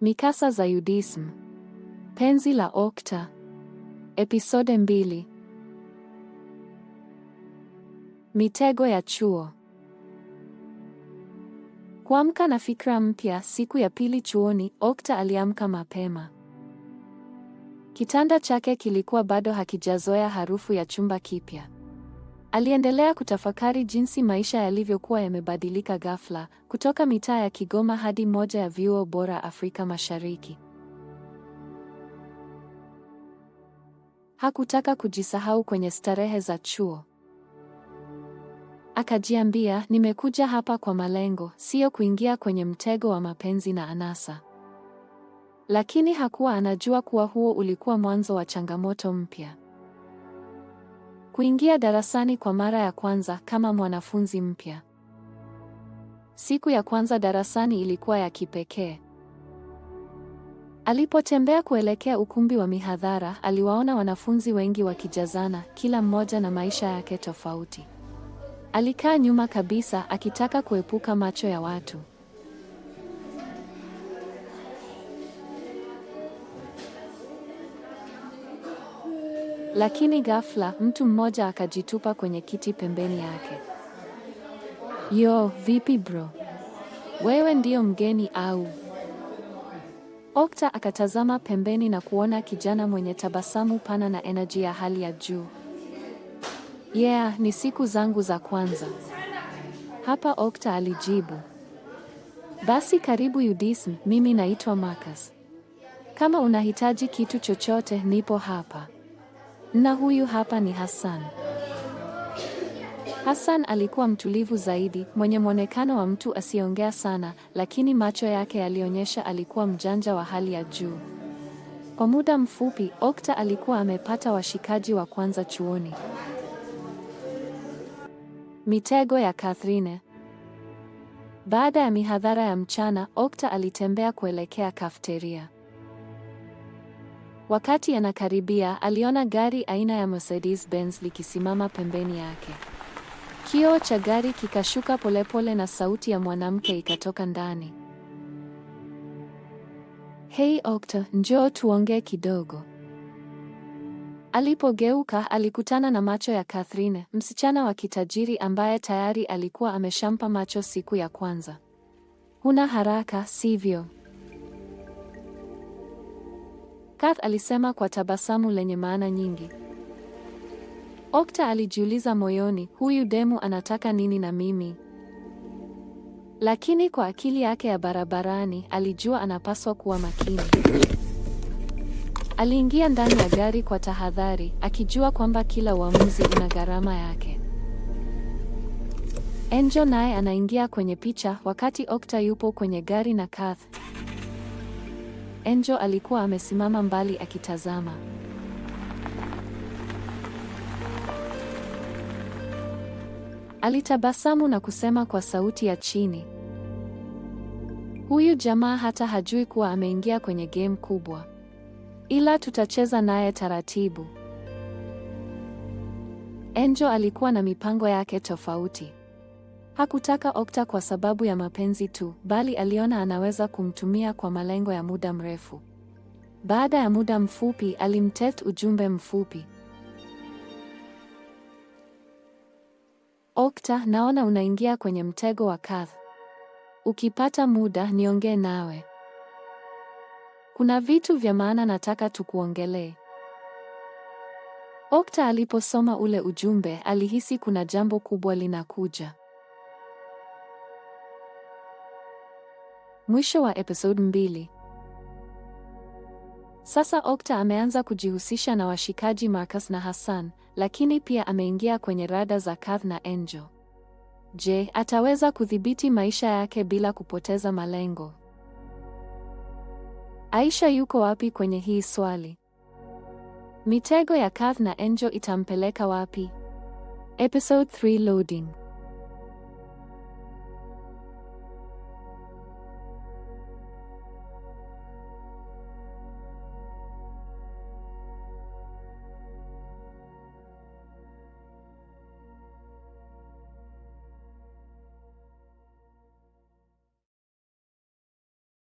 Mikasa za Yudism. Penzi la Okta. Episode mbili. Mitego ya chuo. Kuamka na fikra mpya. Siku ya pili chuoni, Okta aliamka mapema. Kitanda chake kilikuwa bado hakijazoea harufu ya chumba kipya. Aliendelea kutafakari jinsi maisha yalivyokuwa yamebadilika ghafla, kutoka mitaa ya Kigoma hadi moja ya vyuo bora Afrika Mashariki. Hakutaka kujisahau kwenye starehe za chuo. Akajiambia, nimekuja hapa kwa malengo, siyo kuingia kwenye mtego wa mapenzi na anasa. Lakini hakuwa anajua kuwa huo ulikuwa mwanzo wa changamoto mpya. Kuingia darasani kwa mara ya kwanza kama mwanafunzi mpya. Siku ya kwanza darasani ilikuwa ya kipekee. Alipotembea kuelekea ukumbi wa mihadhara, aliwaona wanafunzi wengi wakijazana, kila mmoja na maisha yake tofauti. Alikaa nyuma kabisa akitaka kuepuka macho ya watu. Lakini ghafla mtu mmoja akajitupa kwenye kiti pembeni yake. Yo, vipi bro? Wewe ndiyo mgeni au? Okta akatazama pembeni na kuona kijana mwenye tabasamu pana na energy ya hali ya juu. Yeah, ni siku zangu za kwanza hapa, Okta alijibu. Basi karibu UDSM, mimi naitwa Marcus. Kama unahitaji kitu chochote nipo hapa. Na huyu hapa ni Hassan. Hassan alikuwa mtulivu zaidi, mwenye mwonekano wa mtu asiyeongea sana, lakini macho yake yalionyesha alikuwa mjanja wa hali ya juu. Kwa muda mfupi, Okta alikuwa amepata washikaji wa kwanza chuoni. Mitego ya Kathrine. Baada ya mihadhara ya mchana, Okta alitembea kuelekea kafeteria. Wakati anakaribia, aliona gari aina ya Mercedes Benz likisimama pembeni yake. Kioo cha gari kikashuka polepole na sauti ya mwanamke ikatoka ndani. Hei Okta, njoo tuongee kidogo. Alipogeuka alikutana na macho ya Catherine, msichana wa kitajiri ambaye tayari alikuwa ameshampa macho siku ya kwanza. Huna haraka, sivyo? Kath alisema kwa tabasamu lenye maana nyingi. Okta alijiuliza moyoni, huyu demu anataka nini na mimi? Lakini kwa akili yake ya barabarani, alijua anapaswa kuwa makini. Aliingia ndani ya gari kwa tahadhari, akijua kwamba kila uamuzi una gharama yake. Angel naye anaingia kwenye picha wakati Okta yupo kwenye gari na Kath. Enjo alikuwa amesimama mbali akitazama. Alitabasamu na kusema kwa sauti ya chini, huyu jamaa hata hajui kuwa ameingia kwenye game kubwa, ila tutacheza naye taratibu. Enjo alikuwa na mipango yake tofauti. Hakutaka Okta kwa sababu ya mapenzi tu, bali aliona anaweza kumtumia kwa malengo ya muda mrefu. Baada ya muda mfupi, alimtext ujumbe mfupi. Okta, naona unaingia kwenye mtego wa Kath. Ukipata muda niongee nawe. Kuna vitu vya maana nataka tukuongelee. Okta aliposoma ule ujumbe, alihisi kuna jambo kubwa linakuja. Mwisho wa episode mbili. Sasa Okta ameanza kujihusisha na washikaji Marcus na Hassan, lakini pia ameingia kwenye rada za kath na Angel. Je, ataweza kudhibiti maisha yake bila kupoteza malengo? Aisha yuko wapi kwenye hii swali? Mitego ya Kath na Angel itampeleka wapi? Episode 3 loading.